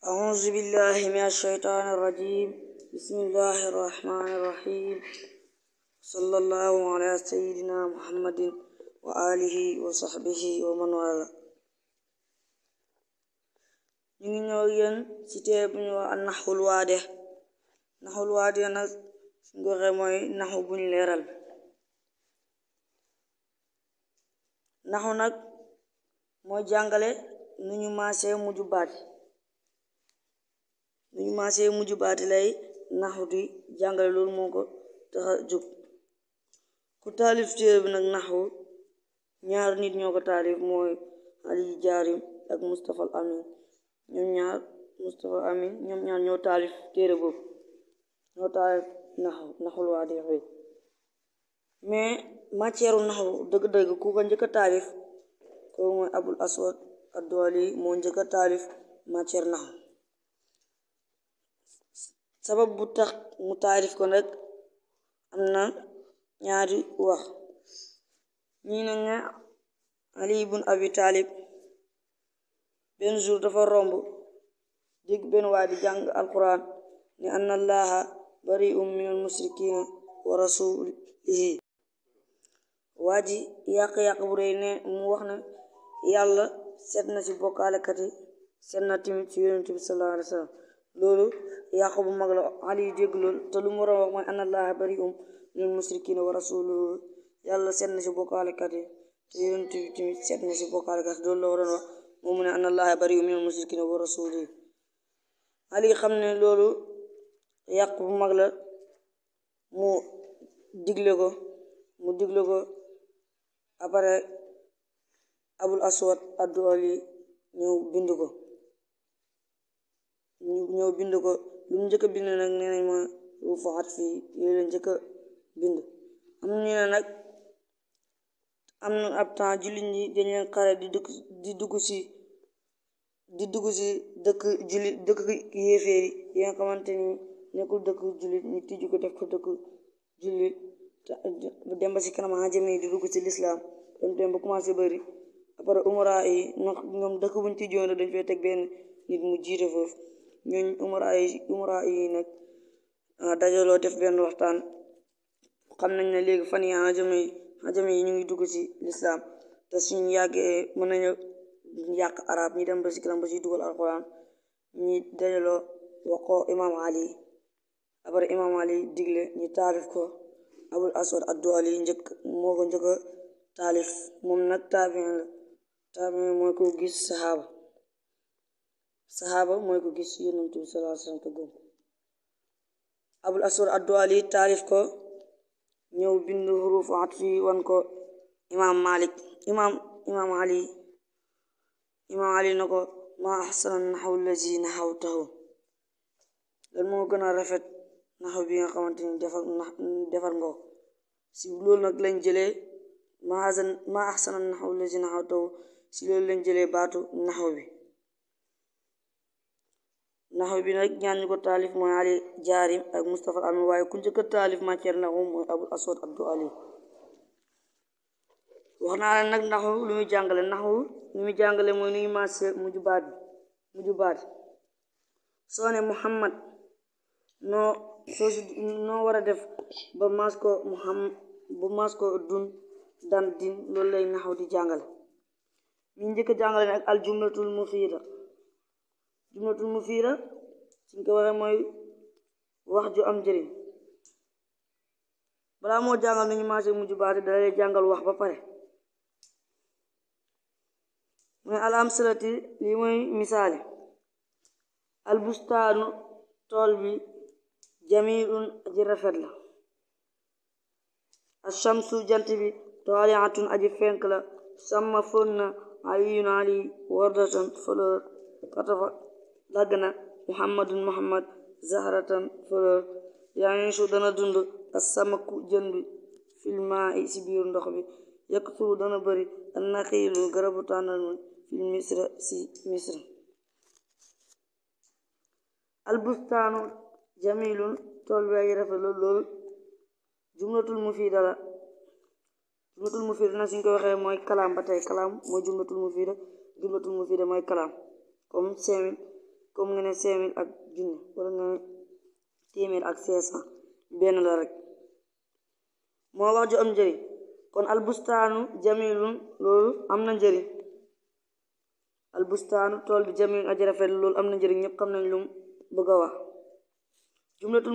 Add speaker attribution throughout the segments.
Speaker 1: a بالله من الشيطان الرجيم بسم الله الرحمن الرحيم صلى الله على سيدنا محمد وآله وصحبه ومن والاه ñu ngi ñëw yéen ci tee bu ñu wax naxul waade naxul waade nag suñ mooy naxu buñ leeral naxu nag mooy jàngale nu ñu maasee mujju baat luñ maase mujj baati lay di jàngale loolu moo ko tax a ku taalif téere bi nag naxu ñaar nit ñoo ko taalif mooy ali jaarim ak mustapha al amin ñoom ñaar mustapha amin ñoom ñoo taalif téere boobu ñoo taalif naxu naxul waa dee xoy mais matière naxu dëgg-dëgg ku ko njëkk taalif kooku mooy abul aswad adduali moo njëkk taalif matière naxu sabab bu tax mu taarif ko nag am na ñaari wax ñi ne na ali ibn abi benn jour dafa romb dégg benn waa di jàng alquran ne anna allaha bari'un min al musrikina wa rasulihi waa yàq-yàq bu rëy ne mu wax na yàlla seet na ci bokkaalekat yi seet na tamit ci yonent bi sallallahu alayhi wa loolu yaqubu mag la ali dégg lool te lu mu waroon wax mooy an allaha bari um minal musrikina wa rasuluhu yàlla seet na si bokkaalekat yi te yonent bi tamit seet na si bokkaalekat yi loolu la waroon wax moo mu ne an allaha bari um minal musrikina wa rasuluhu ali xam ne loolu yaqubu mag la mu digle ko mu digle ko après abul aswad addu ali ñëw bind ko ñëw bind ko lu mu njëkk a bind nag nee nañ ma ruufu atfi yooyu la a bind am ñu nag am ab temps jullit ñi dañ leen di dugg di dugg si di dugg si dëkk jullit dëkk yéeféer yi nga xamante ni nekkul dëkk jullit ñu tijju ko def ko dëkk jullit dem ba si kanam ajami di dugg si lislaam dem dem ba commencé bëri après umara yi ñoom dëkk buñ tijjoon dañ fay teg benn nit mu jiite foofu ñooñ umara yi nag ah, dajaloo def benn waxtaan xam nañ ne léegi fan yi ajam yi ñu ngi dugg ci lislaam te suñ yàggee mën nañu yàq arab ñi dem ba si kanam ba si dugal alquran ñi dajaloo wax ko imam ali abar imam ali digle ñi taalif ko abul aswad adduali njëkk moo ko njëkk taalif moom nag taabiin la mooy ko gis sahaaba saxaaba mooy ko gis yonent bi sallallahu alayhi wa sallam te gëm abul aswad adduali taarif ko ñëw bindu huruf at fi wan ko imam malik imam imam ali imam ali na ko ma ahsana naxw lazi moo gën a rafet naxaw bi nga xamante si loolu nag lañ jëlee ma ahsana naxw lazi naxawtahu si loolu lañ jëlee baatu naxaw bi naxu bi nag ñaan ñu ko taalif mooy ali jaarim ak mustapha amin waaye ku njëkk a taalif matière naxu mooy abul aswad abdu ali wax naa nag naxu lu muy jàngale naxu mu muy jàngale mooy nu ñu maase mujju baat mujju baat soo ne muhammad noo soo si noo war a def ba maas ko muhammad ba maas dan din loolu lay naxu di jàngale ñu jumlatul mufiida suñ ko waxee mooy wax ju am njëriñ balaa moo jàngal nañu maase mujj baati dala lay jàngal wax ba pare mu ne al amsalati lii mooy misaali al bustaanu tool bi jamiilun aji rafet la al shamsu jant bi taaliatun aji fenk la sama fonna aliyun ali wardatan fleur katafa dagna muhammadun muhammad zahratan fleur yanishu dana dund assamaku jën bi filma i si biir ndox bi yakturu dana bëri annaqiilu garabu tàndal mi fil misra si misra albustaanu jamilun tool bi ay rafet la lool jumlatul mufiida la jumlatul mufiida nag suñ ko waxee mooy kalaam ba tey kalaam mooy jumlatul mufiida jumlatul mufiida mooy kalaam comme cinq comme nga ne cinq ak junni wala nga ne téeméer ak cinq benn la rek moo wax ju am njëriñ kon albustaanu jamilun loolu am na njëriñ albustaanu tool bi jamilun aji rafet loolu am na njëriñ ñëpp xam nañ lu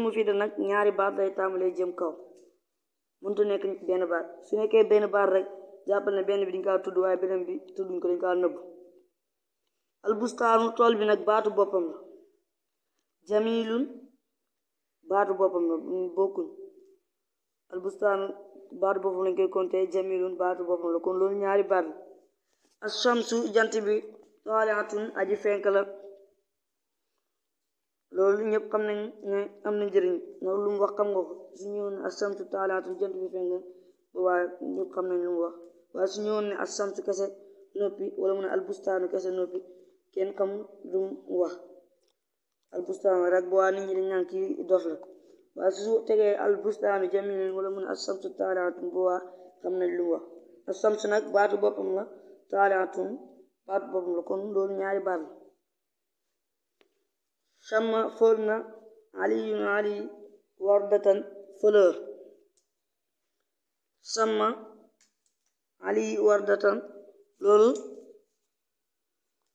Speaker 1: mu bëgg a nag ñaari baat lay tàmbalee jëm kaw mënut a nekk benn baat su nekkee benn baat rek jàppal na benn bi dañ kaa tudd waaye beneen bi tudduñ ko dañ kaa nëbb albustaanu tool bi nag baatu boppam la jamilun baatu boppam la bokkuñ albustaanu baatu boppam lañ koy compté jamilun baatu boppam la kon loolu ñaari baat la ashamsu jant bi taaliatun aji fenk la loolu ñëpp xam nañ ne am na njëriñ loolu lu wax xam nga ko su ñëwoon ne ashamsu taaliatun xam nañ lu mu wax waaye su ñëwoon ne kese noppi wala mu ne albustaanu kese noppi kenn xamul lu mu wax albustaanu rek bu waa nit ñi dañ naan kii dof la waa su tegee albustaanu jamilin wala mun asamsu taalaatun bu waa xam nañ lu mu wax asamsu nag baatu boppam la taalaatun baatu boppam la kon loolu ñaari baat la chamma fóor na aliyun ali wardatan fleur chamma ali wardatan loolu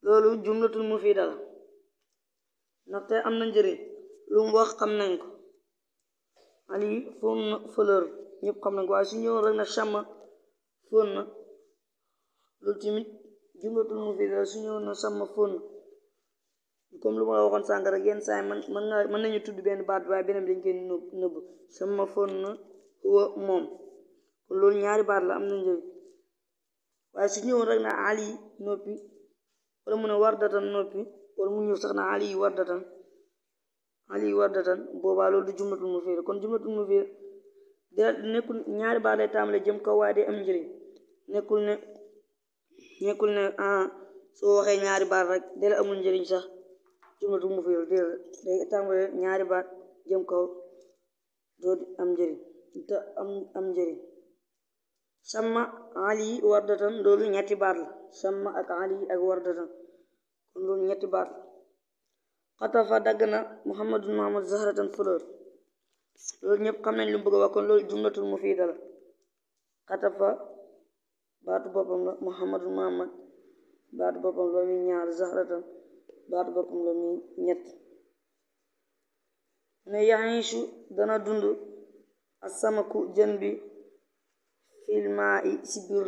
Speaker 1: loolu jumlatul mufiida la ndaxte am na njëriñ lu mu wax xam nañ ko ali fóon na fleur ñëpp xam nañ ko waaye su ñëwoon na sàmm fóon na loolu tamit jumlatul mufiida la comme lu ma la waxoon sànq rek yenn saa yi man mën nga mën nañu tudd benn baat waaye beneen bi dañ koy nëbb sàmm fóon na huwa moom kon loolu ñaari baat la am na njëriñ waaye su ñëwoon rek na ali noppi wala mu ne wardatan noppi wala mu ñëw sax na ali wardatan ali wardatan boobaa loolu du jumlatul mufid kon jumlatul mu dara nekkul ñaari baax lay jëm kaw waaye day am njëriñ nekkul ne nekkul ne ah, soo waxee ñaari baat rek dala amul njëriñ sax jumlatul mufid dé day tàmbale ñaari baat jëm kaw doo am njëriñ te am am njëriñ sama ali wardatan loolu ñetti baat la sama ak ali ak wardatan kon loolu ñetti baat xatafa dagg na muhammadun mahamad zahratan fleur loolu ñëpp xam nañ lu mu bëgg a wax kon loolu jumlatul mufiida la xatafa baatu boppam la muhammadun mahamad baatu boppam la muy ñaar zahratan baatu boppam la muy ñett ne yaishu dana dund asamaku jën bi filmaa yi si biir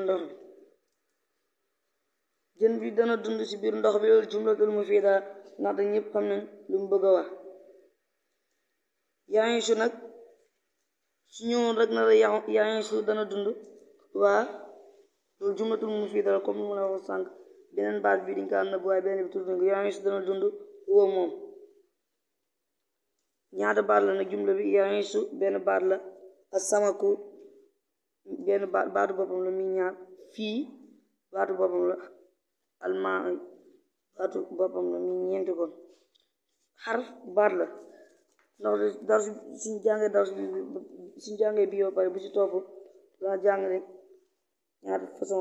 Speaker 1: jën bi dana dund ci biir ndox bi loolu jumlatul mufiida ndaxte ñëpp xam nañ lu mu bëgg a wax yaayinsu nag su ñëwoon rek na dana dund waa loolu jumlatul mufiida la comme lu mu la wax sànq beneen baat bi dinga am na bu waaye beneen bi tudd ko yaayinsu dana dund woo moom ñaata baat la nag jumla bi yaayinsu benn baat la asamaku benn baatu boppam la muy ñaar fii baatu boppam la almaa baatu boppam la mi ñeenti kon xarf baat la ndax dars suñ jàngee dars bi suñ jàngee bi yoo pare bu ci topp dana jàng rek ñaata façon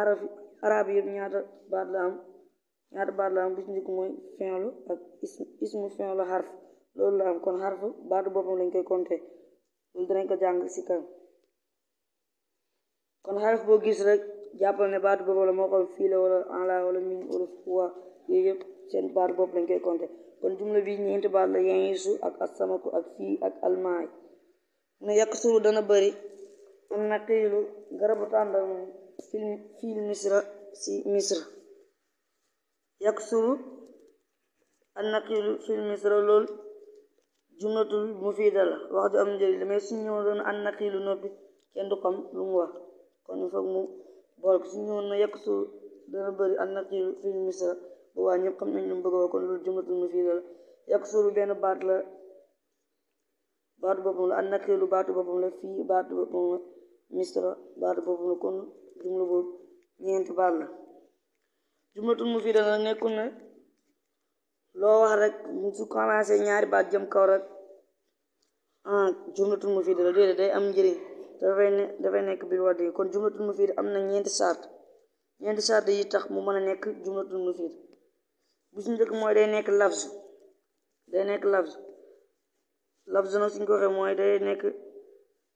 Speaker 1: arab ah, arab yëpp ñaata baat la am ñaata baat la am bu ci njëkk mooy finlu ak ismu finlu xarf loolu la am kon xarf baatu boppam lañ koy compter loolu danañ ko jàng si kanam kon xarf boo gis rek jàppal ne baat bopp la moo xam fii la wala en la wala min wala fuwa yooyu yëpp seen baatu bopp lañ koy compter kon jumla bi ñeenti baat la yaniisu ak asamaku ak fii ak almaay mu ne yàq suru dana bëri am na xiilu garabu tàndal moom misra si misra yàq suru am na xiilu fil misra loolu jumlatul mufiida la wax ju am njëriñ la mais suñ ñëw doon am na xiilu noppi kenn du xam lu mu wax kon foog mu bool ko suñu ñëwoon na yàq su dana bëri ànd ak fi misra bu waa ñëpp xam nañ lu bëgg a wax kon loolu jumlatul mufiida la yàq su benn baat la baat boppam la ànd ak lu baatu boppam la fii baatu boppam la misra baatu boppam la kon jumla boobu ñeenti baat la jumlatul mufiida la nekkul ne loo wax rek su commencé ñaari baat jëm kaw rek ah jumlatul mufiida la déedéet day am njëriñ dafay ne dafay nekk biir wadd yi kon jumlatul mufiid am na ñeenti sart ñeent sart yi tax mu mën a nekk jumlatul mufiid bu si njëkk mooy day nekk lafz day nekk lafz lafz nag suñ ko waxee mooy day nekk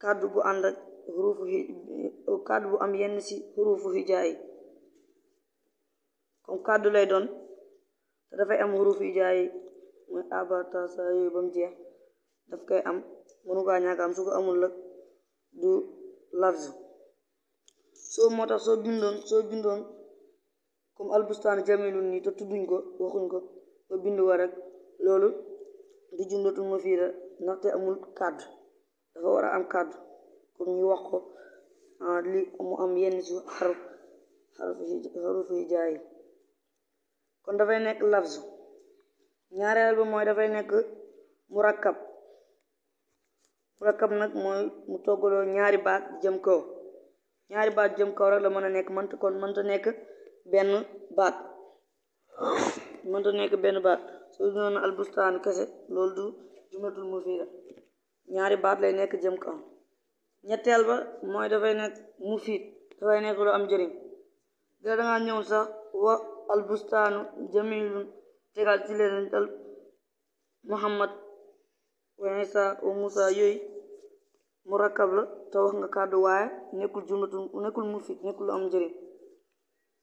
Speaker 1: kàddu bu ànd ak xurufu kàddu bu am yenn si xurufu jaay comme kàddu lay doon te dafay am xurufu hijaay mooy abata sa yooyu ba mu jeex daf koy am mënu kaa ñàkk am su ko amul lëg du lafz soo moo tax soo bindoon soo bindoon comme albustaan jamilun nii te tudduñ ko waxuñ ko nga bind wa rek loolu du jumlatul mufiida ndaxte amul kàddu dafa war a am kàddu comme ñu wax ko ah, li mu am yenn ci xaruf xaruf yi jaay kon dafay nekk lafz ñaareel ba mooy dafay nekk murakkab rakam nag mooy mu toggaloo ñaari baat jëm kaw ñaari baat jëm kaw rek la mën a nekk mënta kon mënta nekk benn baat mënta nekk benn baat soo noonu albustaan kese loolu du jumlatul mufiida ñaari baat lay nekk jëm kaw ñetteel ba mooy dafay nekk mufiid dafay nekk lu am njëriñ dangaa ñëw sax wa albustaanu jamilun tegal ci al muhammad wa Isa o Musa yooyu murakkab la te wax nga kàddu waaye nekkul jumlatun nekkul mufid nekkul am njëriñ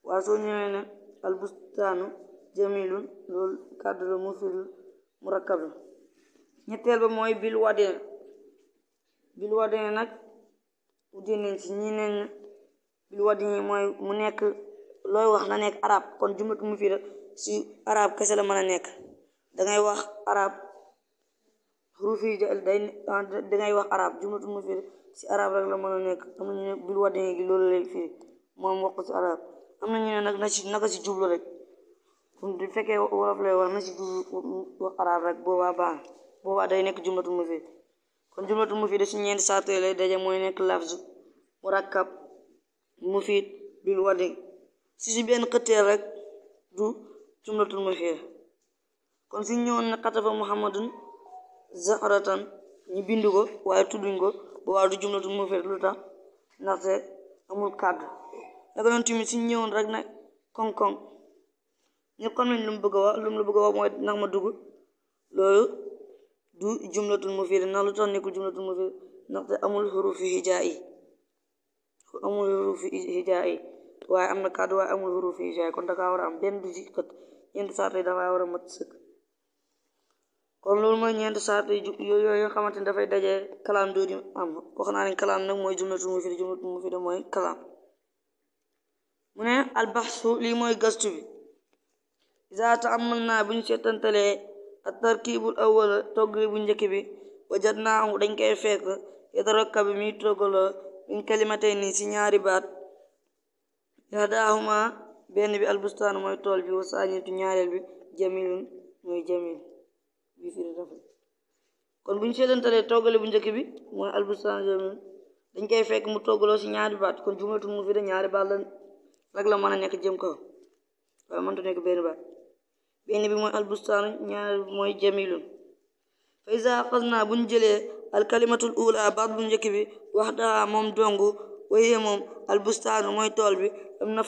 Speaker 1: waaye soo ñëwee ne albustaanu jamilun loolu kàddu la mufid murakkab la ñetteel ba mooy bil wadee bil wadee nag uddee nañ ci ñi neñ bil wadee mooy mu nekk looy wax na nekk arab kon jumlatu mufida si arab kese la mën a nekk dangay wax arab xuruf yi day dangay wax arab jumlatu mufid si arab rek la mën a nekk am na ñu ne bil wàddi gi loolu lay firi moom wax si arab am na ñu ne nag na si naka si jublu rek bu fekkee wolof lay wax na si jublu wax kon jumlatu mufid si ñeenti saa tey lay daje mooy nekk lafz murakkab mufid bil wàddi si du jumlatul mufid kon si ñëwoon na xatafa muhammadun zahratan ñu bind ko waaye tudduñ ko boobaa du jumlatu mu feet lu tax ndaxte amul kàddu naka noonu tamit suñ ñëwoon rek na koŋ-koŋ ñëpp xam nañ lu mu bëgg a ma dugg loolu du jumlatul mufiida ndax lu tax nekkul jumlatul mufiida ndaxte amul amul xurufi hijaa yi waaye am na kàddu waaye amul xurufi hijaa yi kon da war a am benn du ci kat ñeenti saar yi war a mat sëkk kon loolu mooy ñeent saar yu yooyu yooyu nga xamante ni dafay dajee kalaam doo di am wax naa ne kalaam nag mooy jumlatul mufiida jumlatul mufiida mooy kalaam mu ne lii mooy gastu bi izaa taamal naa bu ñu bu njëkk bi wajat naa dañ koy fekk yatarakka nii si ñaari baat yadaahuma benn bi albustaan mooy tool bi wa saaniyatu ñaareel bi jamilun mooy jamil bi firi rafet kon bu ñu seetantalee toggale bu njëkk bi mooy albustaan dañ koy fekk mu toggaloo si ñaari baat kon jumlatul da ñaari baat la rek a nekk jëm kaw waaye mënta nekk benn baat benn bi mooy albustaanu ñaareel bi mooy jamilun fa iza axadnaa buñ jëlee alkalimatul bi wax daa mooy tool bi am na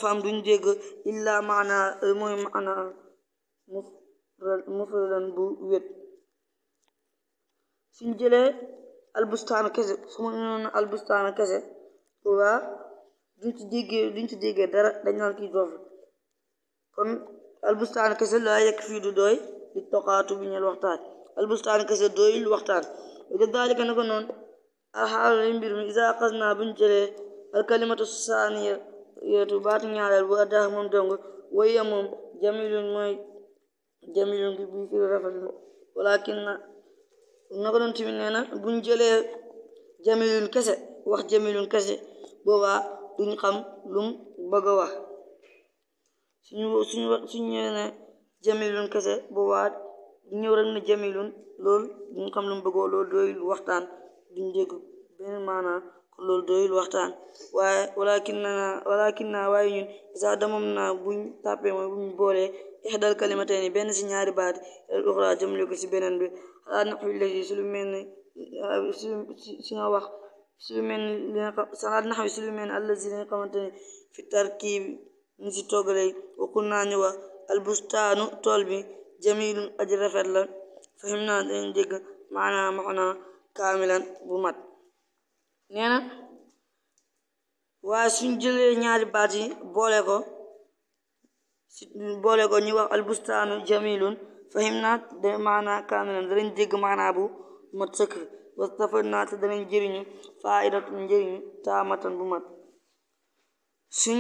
Speaker 1: bu wet suñ jëlee albustaana kese su ma ñëwoon albustaana kese boobaa duñ ci déggee duñ ci déggee dara dañ naan kii doof kon albustaana kese laa yekk fii du doy di toqaatu bi ñel waxtaan albustaana kese doyul waxtaan da daalika na ko noonu alxaalu lay mbir mi isa xas naa buñ jëlee alkalimatu saaniya yeetu baatu ñaareel bu addax moom dong waye moom jamilun mooy jamilun bi buy firi rafet walakin na naka doon tamit nee na buñ jëlee jamilun kese wax jamilun kese boobaa duñ xam lum bëgg wax suñu suñu suñu ñëwee ne jamilun kese boobaa ñëw rek ne jamilun loolu duñ xam lum bëggoo loolu doyul waxtaan duñ dégg benn maanaa kon loolu doyul waxtaan waaye walakin na walakin naa waaye ñun isa damam naa buñ tàppee mooy buñ boolee ixdal kalimatayni benn si ñaari baat al uxra jëmale ko si beneen bi ala naxwi lazi lu mel ni si nga wax si lu mel ni li nga xam ala si lu mel ni allazi li nga xamante ne fi tarkiib ñu si toggale waxul naa ñu wax albustaanu tool bi jamilun aji rafet la fahim naa dañ dégg maanaa maxnaa kaamilan bu mat nee waaye suñ jëlee ñaari baat yi boole ko boole ko ñu wax albustaanu jamilun fahimnaat da maanaa kaamilan danañ dégg maanaa bu mat sëkk wastafadnaa te danañ jëriñu faaidatan njëriñu taamatan bu mat suñ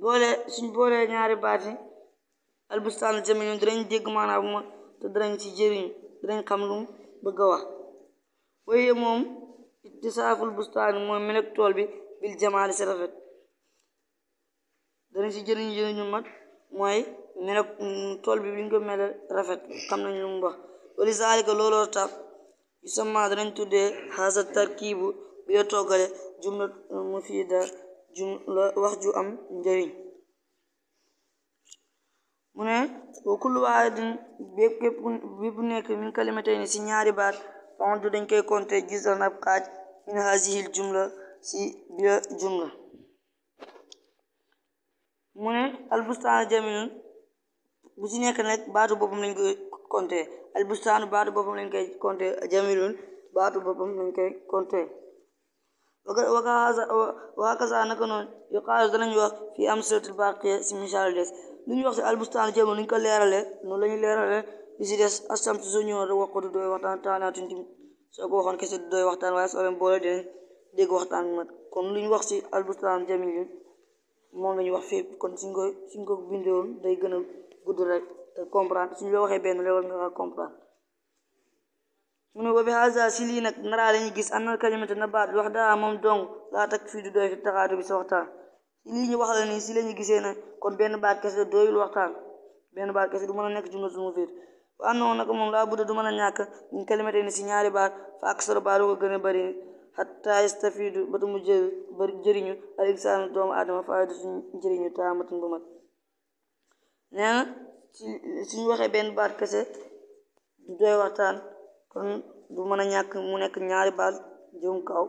Speaker 1: boole suñ boole ñaari baati albustaan jamiñu danañ dégg maanaa bu mat te danañ ci jëriñu danañ xam lu bëgg wax waaye moom ittisaaful bustaan mooy melek tool bi bil jamaali si rafet danañ ci jëriñu jëriñu mat mooy me ne mm, tool bi liñ ko mel rafet xam nañu lu mu wax wali zaalika looloo tax yusamma danañ tuddee haza tarkibu bi la toggale jumla uh, ju am njëriñ mu ne wa kullu waahidin bépp si ñaari baat dañ koy compté juz'an ab xaaj min jumla mu ne albustaan jamilun bu si nekk nag baatu boppam lañ koy compter albustaanu baatu boppam lañ koy compter jamilun baatu boppam lañ koy compter waa kaza naka noonu yuqaalu danañ wax fi amsalatul baqiya si misaal des lu ñu wax si albustaanu jamil nuñ ko leerale noonu lañu leerale bi si des asam su ñëw rek waxtaan taanaatuñ soo ko waxoon waxtaan waaye soo leen waxtaan mat kon lu ñu wax si albustaan jamil moom la ñu wax kon suñ ko suñ ko bindoon day gën gudd rek te comprendre la waxee benn rek nga comprendre mu ne wa bi haza si lii nag naraa lañu gis am na kalimata na baat wax daa moom dong laa tak fii du doy waxtaan benn baat kese doyul waxtaan benn du mën a nekk jumla su mu fiir wa annahu nag moom laa budda du mën a ñàkk ñu kalimata ni si ñaari baat fa aksara baat ko gën a bëri xataa yastafiidu ba tu mu jëriñu al doomu aadama faayda suñ jëriñu taamatan bu mat nee na suñ waxee benn baat kese du doy waxtaan kon du mën a ñàkk mu nekk ñaari baat jëm kaw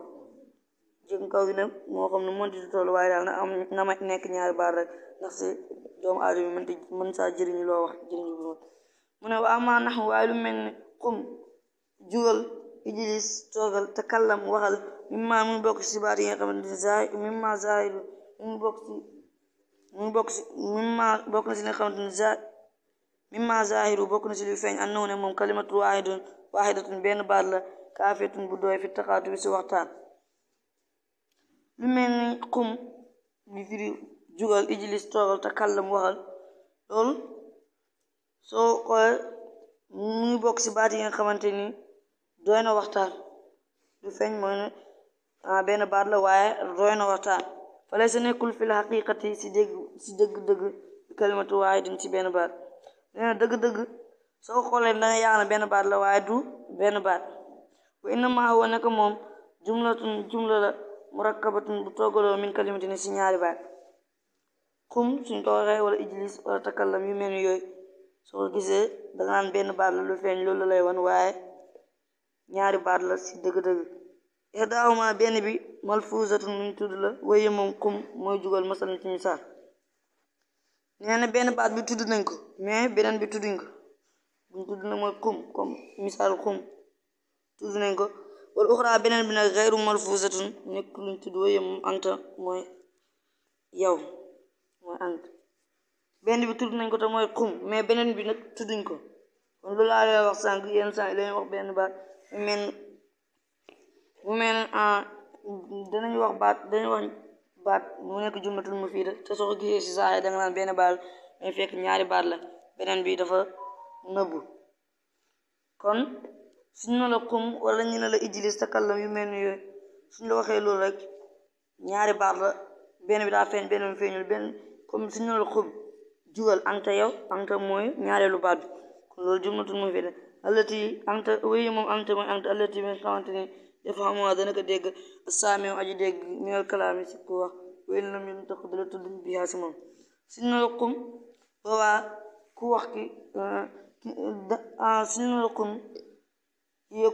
Speaker 1: jëm kaw yi nag moo xam ne mënti du am nekk ñaari baat rek ndax si doomu aadama mënti mën saa jëriñu loo mu wa amaa waaye lu mel ni xum jugal ijlis toogal te kallam waxal mimma mu bokk si baat yi nga xamante ne zaahir mimma zaahir mu bokk mu bokk si mimma bokk na si li nga xamante ne mimma zahiru bokk na si lu feeñ annahu ne moom kalimatu waaxidun waaxidatun benn baat la kaafetun bu doy fi taxaatu bi si waxtaan lu mel ni xum bi firi jugal ijlis toogal te kàllam waxal loolu soo xoolee mu bokk si baat yi nga xamante ni doy na waxtaan lu feeñ mooy ne ah, benn baat la waaye doy na waxtaan fale sa nekkul fi la xaqiqati si dégg si dëgg-dëgg kalimatu waaye din si benn baat nee dëgg-dëgg soo xoolee dana yaana benn baat la waaye du benn baat wa innamaa huwa naka moom jumlatun jumla la murakkabatun bu toggaloo min kalimatin si ñaari baat xum suñ ko waxee wala ijlis wala yu mel ni soo gisee danga naan benn baat la lu feeñ loolu lay wan waaye ñaari baat la si dëgg-dëgg ihdaahuma benn bi malfuusatun luñ tudd la waye moom xum mooy jugal masalan ci misaal nee benn baat bi tudd nañ ko mais beneen bi tudduñ ko tudd na mooy xum comme misaal xum nañ ko wal uxra beneen bi nekk luñ tudd waye moom anta benn bi tudd nañ ko te mooy xum mais beneen ko kon loolu wax sànq yenn saa yi wax benn baat men women ah, danañ wax baat danañ wax baat mu nekk jumlatul mufiida te soo ko gisee si saa da nga naan benn baat ñaari baat la beneen bi dafa nëbbu kon suñ ne la kum wala ñu ne la yu mel ni suñ la waxee loolu rek ñaari benn bi daa feeñ benn feeñul benn comme suñ ne la xub jugal anta yow anta mooy ñaareelu baat bi kon loolu jumlatul mufiida allati anta wéyu moom anta mooy anta allati bi nga xamante ni yafhamu dana ko dégg assaamiu aji dégg minal kalaami si ku wax wayn lam yun tax dala tudd bihaa si moom sinul xum boobaa ku wax ki euh, ah, sinul xum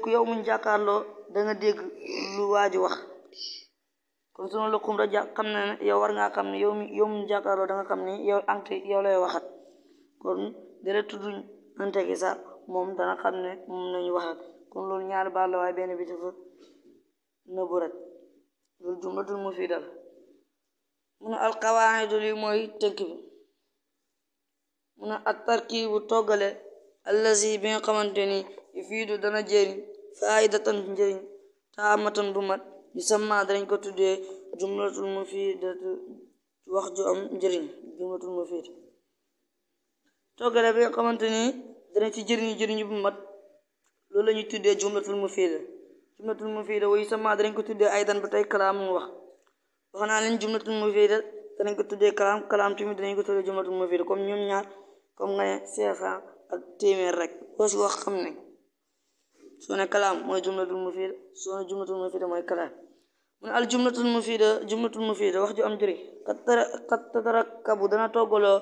Speaker 1: ku yow mu jàkkaarloo da nga dégg lu waaji wax kon sunu lokum raja xam ne yow war ngaa xam ne yow mi yow mu da nga xam ne yow ante yow lay waxat kon dara tudduñ ante gi moom dana xam ne moom nañu waxat kon loolu ñaari baal la waaye benn bi dafa naburat loolu jumlatul mufida la mu ne alqawaidu li mooy tënk bi mu ne ak toggale allazi bi nga xamante ni yufiidu dana jëriñ faidatan njëriñ taamatan bu mat yusamma danañ ko tuddee jumlatul mufidatu wax ju am jumlatul mufida toggale bi nga xamante ni dana ci jëriñ jëriñ bu mat loolu la tuddee jumlatul mufida jumlatul mufiida wa yusamma danañ ko tuddee aydan ba tey kalaamun wax wax naa leen jumlatul mufiida danañ ko tuddee kalaam kalaam tamit danañ ko tuddee jumlatul mufiida comme ñoom ñaar comme nga ne ak téeméer rek loo si wax xam ne soo ne kalaam mooy jumlatul mufiida soo ne mu ne al wax ju am juri qad tatarakkabu dana toggaloo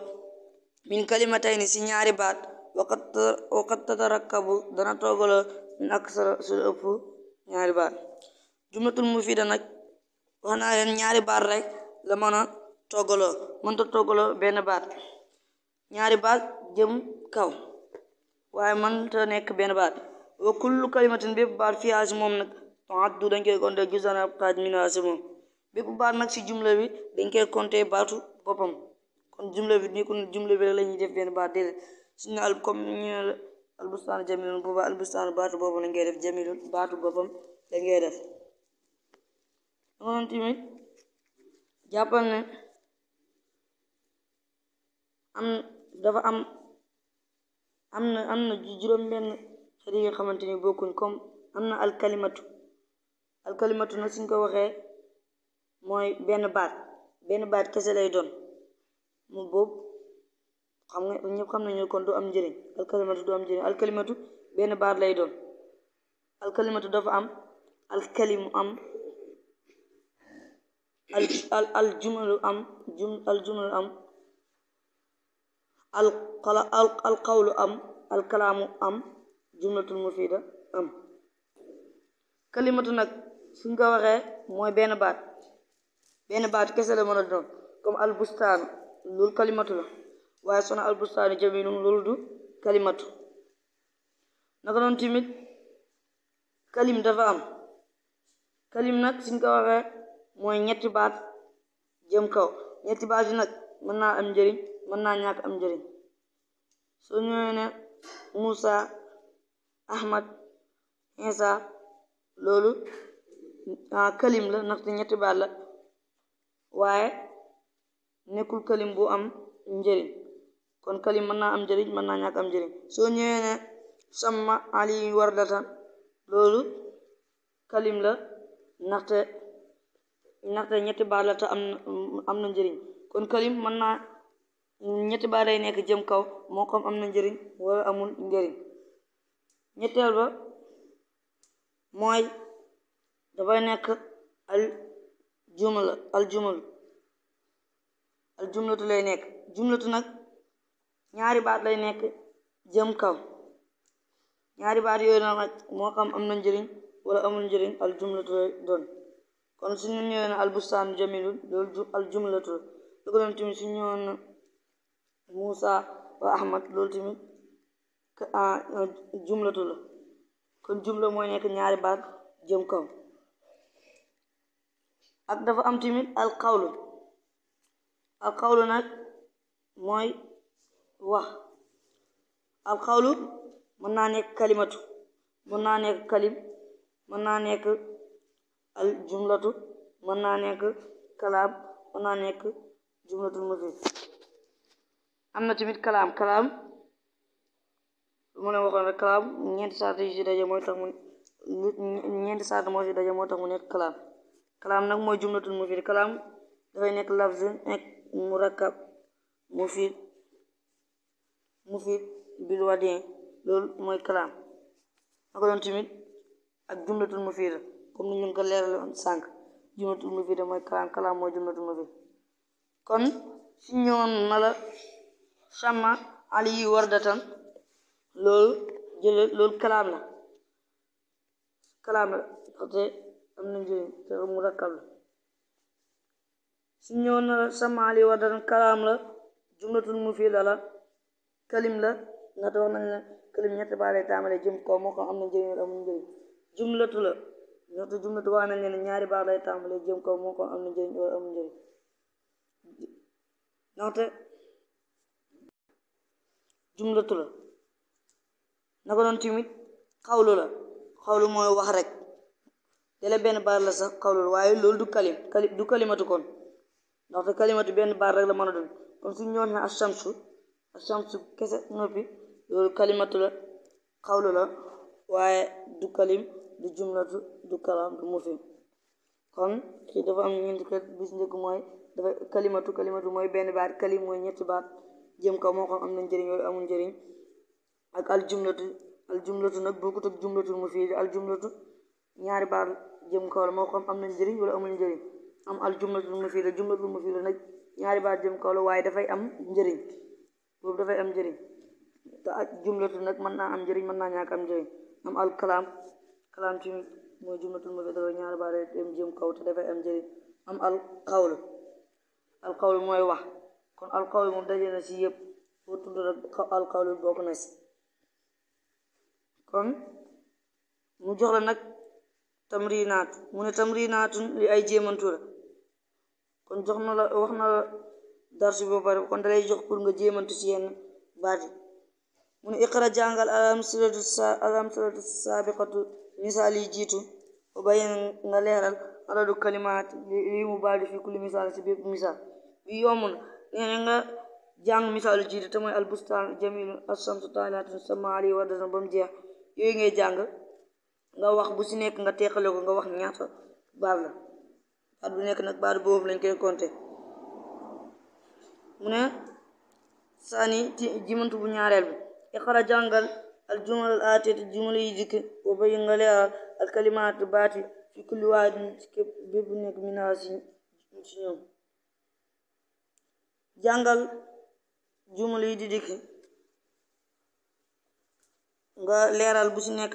Speaker 1: min kalimatayni si ñaari baat wa qad tatarakkabu dana toggaloo min aksara su ëpp ñaari baat jumlatul mufida nag wax naa leen ñaari baat rek la mën a toggaloo mënta toggaloo benn baat ñaari baat jëm kaw waaye mënta nekk benn baat wa kullu kalimatin bépp baat fi moom nag tuaddu dañ koy compter moom bépp baat nag si dañ koy compter baatu boppam kon jumla bi ni kon jumla bi rek def benn baat déedéet suñu al ñu albustaanu jamilun booba albustaanu baatu boobu la ngay def jamilun baatu boppam la ngay def noonu tamit jàppal ne am dafa am am na am na juróom benn xeet yi nga xamante ni bokkuñ comme am na alkalimatu alkalimatu nag suñ ko waxee mooy benn baat benn baat kese lay doon mu boobu xam nga ñëpp xam nañu kon du am njëriñ alkalimatu du am njëriñ kalimatu benn baat lay doon alkalimatu dafa am alkalimu am al al aljumalu am jum am al al am alkalaamu am jumlatul mufida am kalimatu nag suñ ko waxee mooy benn baat benn baat kese la mën a doon comme albustaanu loolu kalimatu la waaye soxna albustaani jamilun loolu du kalimatu naka noonu timit kalim dafa am kalim nag suñ ko waxee mooy ñetti baat jëm kaw ñetti baat yi nag mën naa am njëriñ mën naa ñàkk am njariñ soo ñëwee ne Moussa Ahmad Insa loolu kalim la ndaxte ñetti baat la waaye nekkul kalim bu am njëriñ kon kalim mën naa am njëriñ mën naa ñàkk am njëriñ soo ñëwee ne sama ali wardata loolu kalim la ndaxte ndaxte ñetti baat la te am na njëriñ kon kalim mën naa ñetti baat lay nekk jëm kaw moo xam am na njëriñ wala amul njëriñ ñetteel ba mooy dafay nekk al jumla al jumla al jumlatu lay nekk jumlatu nag ñaari baat lay nekk jëm kaw ñaari baat yooyu nag moo xam am na njëriñ wala amul njëriñ al jumlatu lay doon kon suñu ñëwee na al bustaanu jamilun loolu al tamit suñu loolu ah, la kon jumla mooy nekk ñaari baat jëm kaw ak dafa am tamit al qawlu al qawlu nag mooy wax al xawlu naa nekk kalimatu mën naa nekk kalim mën naa nekk al jumlatu mën naa nekk kalaam mën naa nekk jumlatul mufid am na tamit kalaam kalaam lu ma leen waxoon rek kalaam ñeenti saat daje mooy tax mu moo ci daje moo nekk kalaam kalaam nag mooy jumlatul mufid kalaam dafay nekk lafzun nekk murakkab mufid mufid bil wadin loolu mooy kalaam naka doon tamit ak jumlatul mufida comme ni ñu ngi ko leeraloon sànq jumlatul mooy kalaam kalaam mooy jumlatul mufid kon si kalaam la kalaam la te am na njëriñ te mu rakkab la si ñoon mala sama ali wardatan kalaam la jumlatul mufida la kalim la nga doon nañ la kalim na njëriñ amul njëriñ ñetti jumlatu ñaari baa lay tàmbalee jëm kaw moo xam am na njëriñ wala amul njëriñ ndaxte jumlatu la naka doon timit xawlu la xawlu mooy wax rek dele benn baat la sax xawlu la waaye loolu du kalim du kalimatu kon ndaxte benn baat rek la mën a doon comme su ñoon na asamsu asamsu kese noppi loolu kalimatu la xawlu la waaye du kalim du jumlatu du kalaam du mufim kon kii dafa njëkk mooy dafa kalimatu mooy benn baat kalim mooy baat jëm kaw na njëriñ yooyu amul njëriñ ak al jumlatu al nag bokkut ak al jumlatu ñaari baat jëm kaw am na njëriñ wala amul am al jumlatu mufiid la jumlatu mufiid ñaari baat jëm waaye dafay am njëriñ boobu dafay am njëriñ te ak jumlatu nag mën naa am njëriñ mën naa ñàkk am njëriñ am al kalaam kalaam ci mooy jumlatul mu dafa ñaar baare dem jëm kaw te dafay am njëriñ am al qawl al qawl mooy wax kon al qawl moom daje na si yëpp boo tudd rek bokk na kon mu jox la nag tamrinaat mu ne tamrinaatun li ay jéemantu la kon jox la wax dars bi ba pare kon dalay jox pour nga jéemantu ci yenn baat yi mu ne iqra jàngal alamsilatu alamsilatu saabiqatu misaal yi jiitu ba bayin nga leeral adadu kalimaat li mu baat yi fi kulli misaal ci bépp misaal bi yomb na nee na nga jàng misaal yi jiitu te mooy albustaan jamilu assamsu taalaatun sama aliyi wadatan ba mu jeex yooyu ngay jàng nga wax bu si nekk nga teqale ko nga wax ñaata baat la baat bu nekk nag baat boobu lañ koy compter mu ne saani ci jimantu bu ñaareel bi iqra jàngal al jumal al aatiyat jumala yi dikk wa bayi nga leeral al kalimaat baati fi kulli waadin ci képp nekk minaa si ci ñoom jàngal jumala yi di dikk nga leeral bu si nekk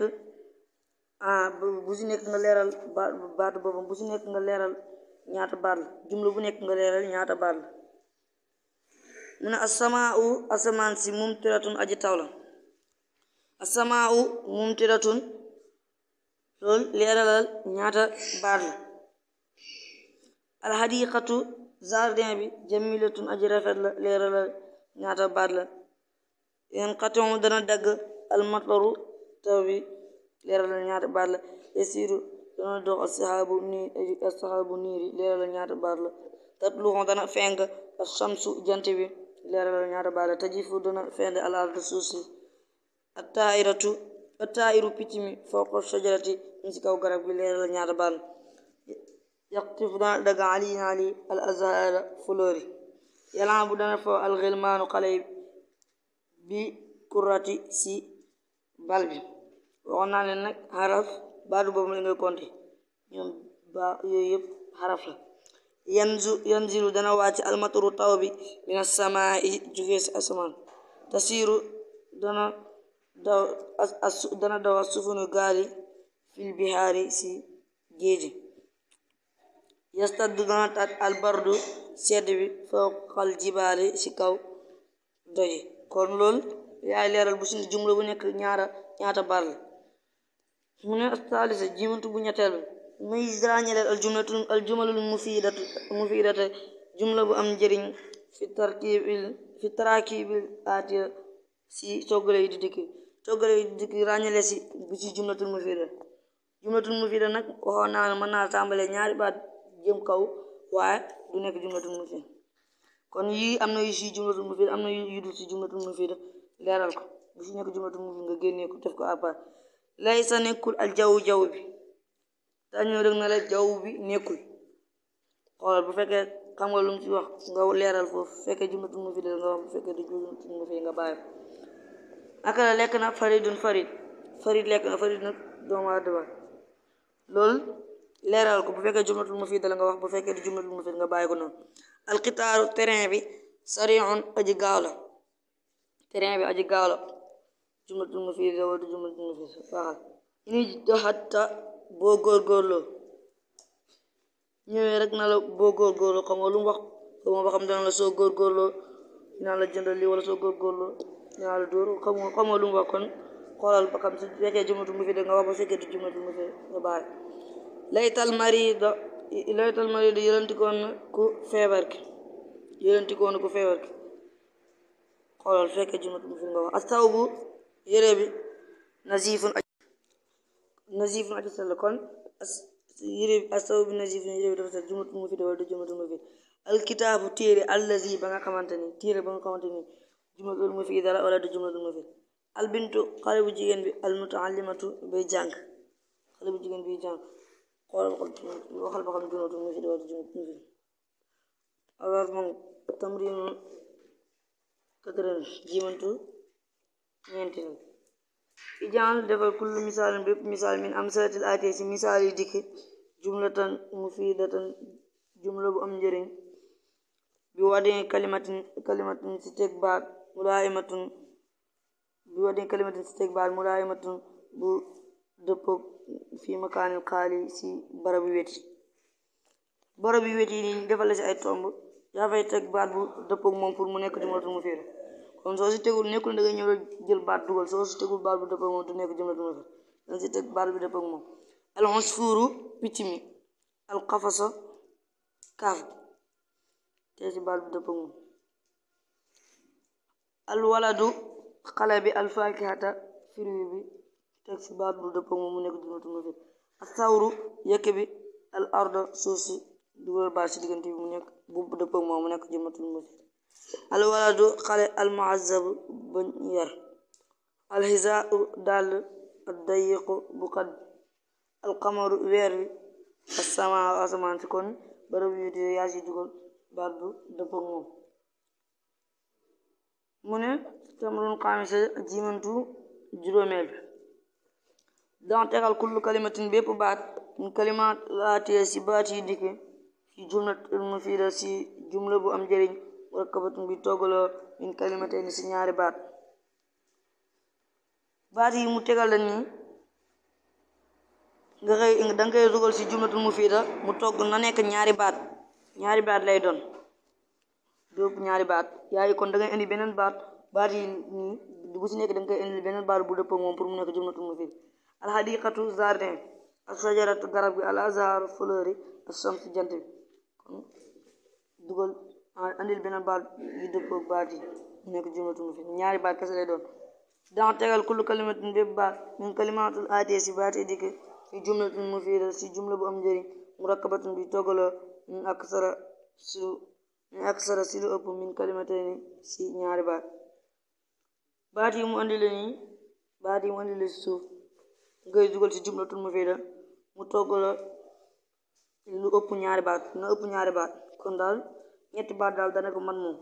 Speaker 1: ah bu si nekk nga leeral baatu boppam bu si nekk nga leeral ñaata baat la jumla bu nekk nga leeral ñaata baat la mu ne asamaau asamaan si mumtiratun aji taw la asamaau mumtiratun loolu leeralal ñaata baat la alxadiqatu jardin bi jamilatun aji rafet la leeralal ñaata baat la yanqatiu dana dagg almatlaru taw bi leeralal ñaata baat la yasiru dana dox asxaabu niir niiri leeralal ñaata baat la tatluxu dana fenk ashamsu jant bi leeralal ñaata baat la tajifu dana fend al ardu suuf si ak picc mi fawqa shajarati ñu si kaw garab gi leeralal ñaata baat la yaqtifu bi kurati si bal bi waxoon naa leen nag xaraf baatu boobu la nga konte ñoom ba yooyu xaraf la yanzu yanzilu dana wàcc almaturu taw bi mina samaa'i jugee si asamaan tasiiru dana daw dana daw sufunu gaali fil si géeji yastaddu dana tat albardu sedd bi fawqal jibaali si kaw doji kon loolu yaay leeral bu suñu jumla bu nekk ñaara ñaata baat mu ne taalisa jimantu bu ñetteel bi muy ràññale al jumlatu al jumalul mufidatu mufidatu jumla bu am njëriñ fi tarkibil fi si toggale di dikk toggale yi di si bu si jumlatul mufida jumlatul nag waxoon naa ne mën naa tàmbale ñaari baat jëm kaw waaye du nekk jumlatul mufida kon yii am na yu si am na yu dul si jumlatul mufida leeral ko bu si nekk jumlatul nga génnee ko def ko à part laysa nekkul al jaww jaww bi daa ñëw rek na la jaww bi nekkul xool bu fekkee xam nga lu mu wax nga leeral foofu bu fekkee jumlatu mu fi nga wax bu akala lekk na faridun farid farid lekk na farid nag doomu aadama loolu leeral ko bu fekkee jumlatul mufida la nga wax bu fekkee di jumlatul mufid nga bàyyi ko noonu alqitaaru terrain bi sariun aji gaaw la terrain bi aji gaaw la jumlatul mufida wala jumlatul mufid faaxal ini hatta boo góorgóorloo ñëwee rek na la boo góorgóorloo xam nga lu mu wax xam ba xam dana la soo góorgóorloo dinaa la jëndal lii wala soo góorgóorloo dinaa la dóor xam nga xam nga lu mu wax kon xoolal ba xam fekkee jumatu mu fi de nga wax ba fekkee jumatu mu fi nga feebar ki yëlantikoon nga wax astaw bu yére bi nasifun nazif xadis la kon yére asaw bi nazif yére bi dafa set jumlatu mufida wala du jumlatu mufida alkitaabu téere allazi ba nga xamante ni téere ba nga xamante ni jumlatul mufida la wala du jumlatul mufida albintu xale bu jigéen bi almutaallimatu bay jàng xale bu jigéen bi jàng xoolal waxal ba xam jumlatul mufida wala du jumlatul mufida alors moom tamrinu quatre jimantu ñeenti ijaanal defal kullu misaalin bépp misaal min amsalatil aatiya si misaal yi dikki jumlatan mufiidatan jumla bu am njëriñ bi wadin kalimatin kalimatin si teg baat mulaayimatun bi wadin kalimatin si teg baat mulaayimatun bu dëppoog si barabu weti barabu weti yi defal si ay tomb yaa fay teg baat bu dëppoog moom pour mu nekk jumlatun mufiida kon soo si tegul nekkul da ngay ñëw rek jël baat dugal soo si tegul baat bu dëpp moom du nekk jumla duma fi da si teg baat bu dëpp ak moom al usfuru picc mi al qafasa kaaf te si baat bi al fakihata firwi bi teg si baat bu dëpp ak moom mu nekk jumla duma fi al sawru yëkk mu nekk bu alwaladu xale almuazzabu buñ yar alxisaau a addayiqu bu xat alxamaru weer wi asamaan si kon barab yu di yaa ci dugal baat bu dëpp moom mu ne tamrun xaamisa jimantu juróomeel bi dan tegal kalimatin bépp baat min kalimaat laatee si baat yi dikke si jumla bu am jëriñ murakkabatun bi toggaloo min kalimatay ni si ñaari baat baat yi mu tegal la ni nga xëy da nga koy dugal si jumlatul mufiida mu togg na nekk ñaari baat ñaari baat lay doon dóob ñaari baat yaayi kon da indi beneen baat baat yi nii si nekk da nga koy indi beneen baat bu dëpp moom pour mu nekk jumlatul mufiida alxadiqatu jardin ashajaratu garab gi al azhar fleur yi ak jant bi kon dugal andil beneen baat yu dëppoo baat yi nekk jumlatu mu fi ñaari baat kese lay doon danga tegal kullu kalimatin bépp baat min kalimatul aatee si baat i dikk si jumlatin mu fi si jumla bu am njëriñ murakkabatun bi toggaloo min aksara su min aksara si lu ëpp min kalimatayni si ñaari baat baat yi mu andile baat yi mu andile si suuf ngay dugal si jumlatul mu fi mu toggaloo lu ëpp ñaari baat na ëpp ñaari baat kon daal ñetti baat daal danaka man moom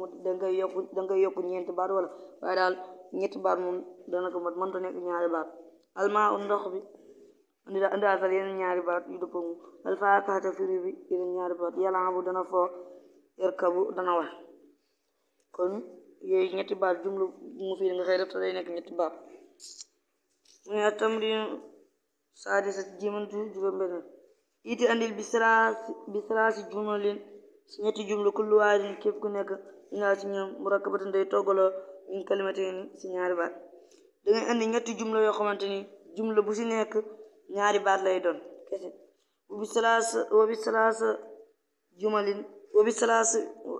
Speaker 1: ma dangay yokk dangay yokk ñeenti baat wala waaye daal ñetti baat moom danaka mat mënta nekk ñaari baat almaa u ndox bi andi daal andi daal yeneen ñaari baat yu dëppoo moom alfaakaata firi bi yeneen ñaari baat yalaabu dana foo yarkabu wax kon ñetti baat jumlu mu fi nga xëy def te day nekk ñetti baat mu ne tamrin saadisa jimantu juróom benn iti andil bisraasi bisraasi jumalin si ñetti jumla kullu waahidin képp ku nekk dinaa si day toggaloo min si ñaari baat da ngay ñetti jumla yoo xamante ni jumla bu si nekk ñaari baat lay doon kese wabi salaasa wabi salaasa jumalin wabi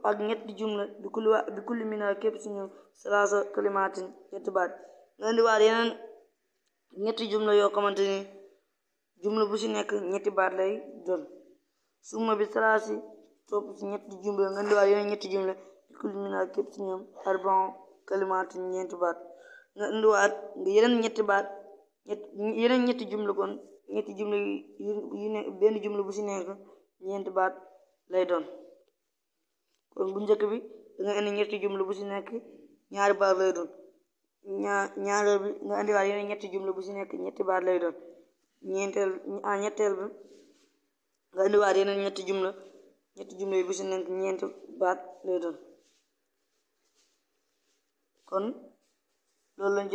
Speaker 1: ak ñetti jumla bi képp si ñoom salaasa kalimaatin baat nga andi ñetti jumla yoo xamante ni jumla bu si nekk ñetti baat lay doon summa bi salaasi topp ci ñetti jumla nga indiwaat yeneen ñetti jumla kulminal képp ci ñoom arbon ñett yeneen ñetti jumla ñetti jumla yu bu ci nekk ñeenti baat lay doon kon njëkk bi da nga ñetti bu ci nekk ñaari baat lay doon ñaar ñaareel ñetti jumla bu ci nekk ñetti baat lay doon ñeenteel ah, ñetteel bi nga indiwaat yeneen ñetti jumla ñetti jumla yi bu baat lay kon loolu lañ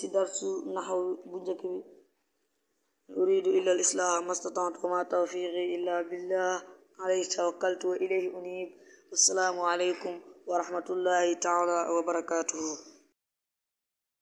Speaker 1: ci darsu naxaw bu njëkk bi uridu illa al islaha mastata'tu ma tawfiqi illa billah alayhi tawakkaltu wa ilayhi unib wassalaamu alaykum wa rahmatullahi taala wa barakatuhu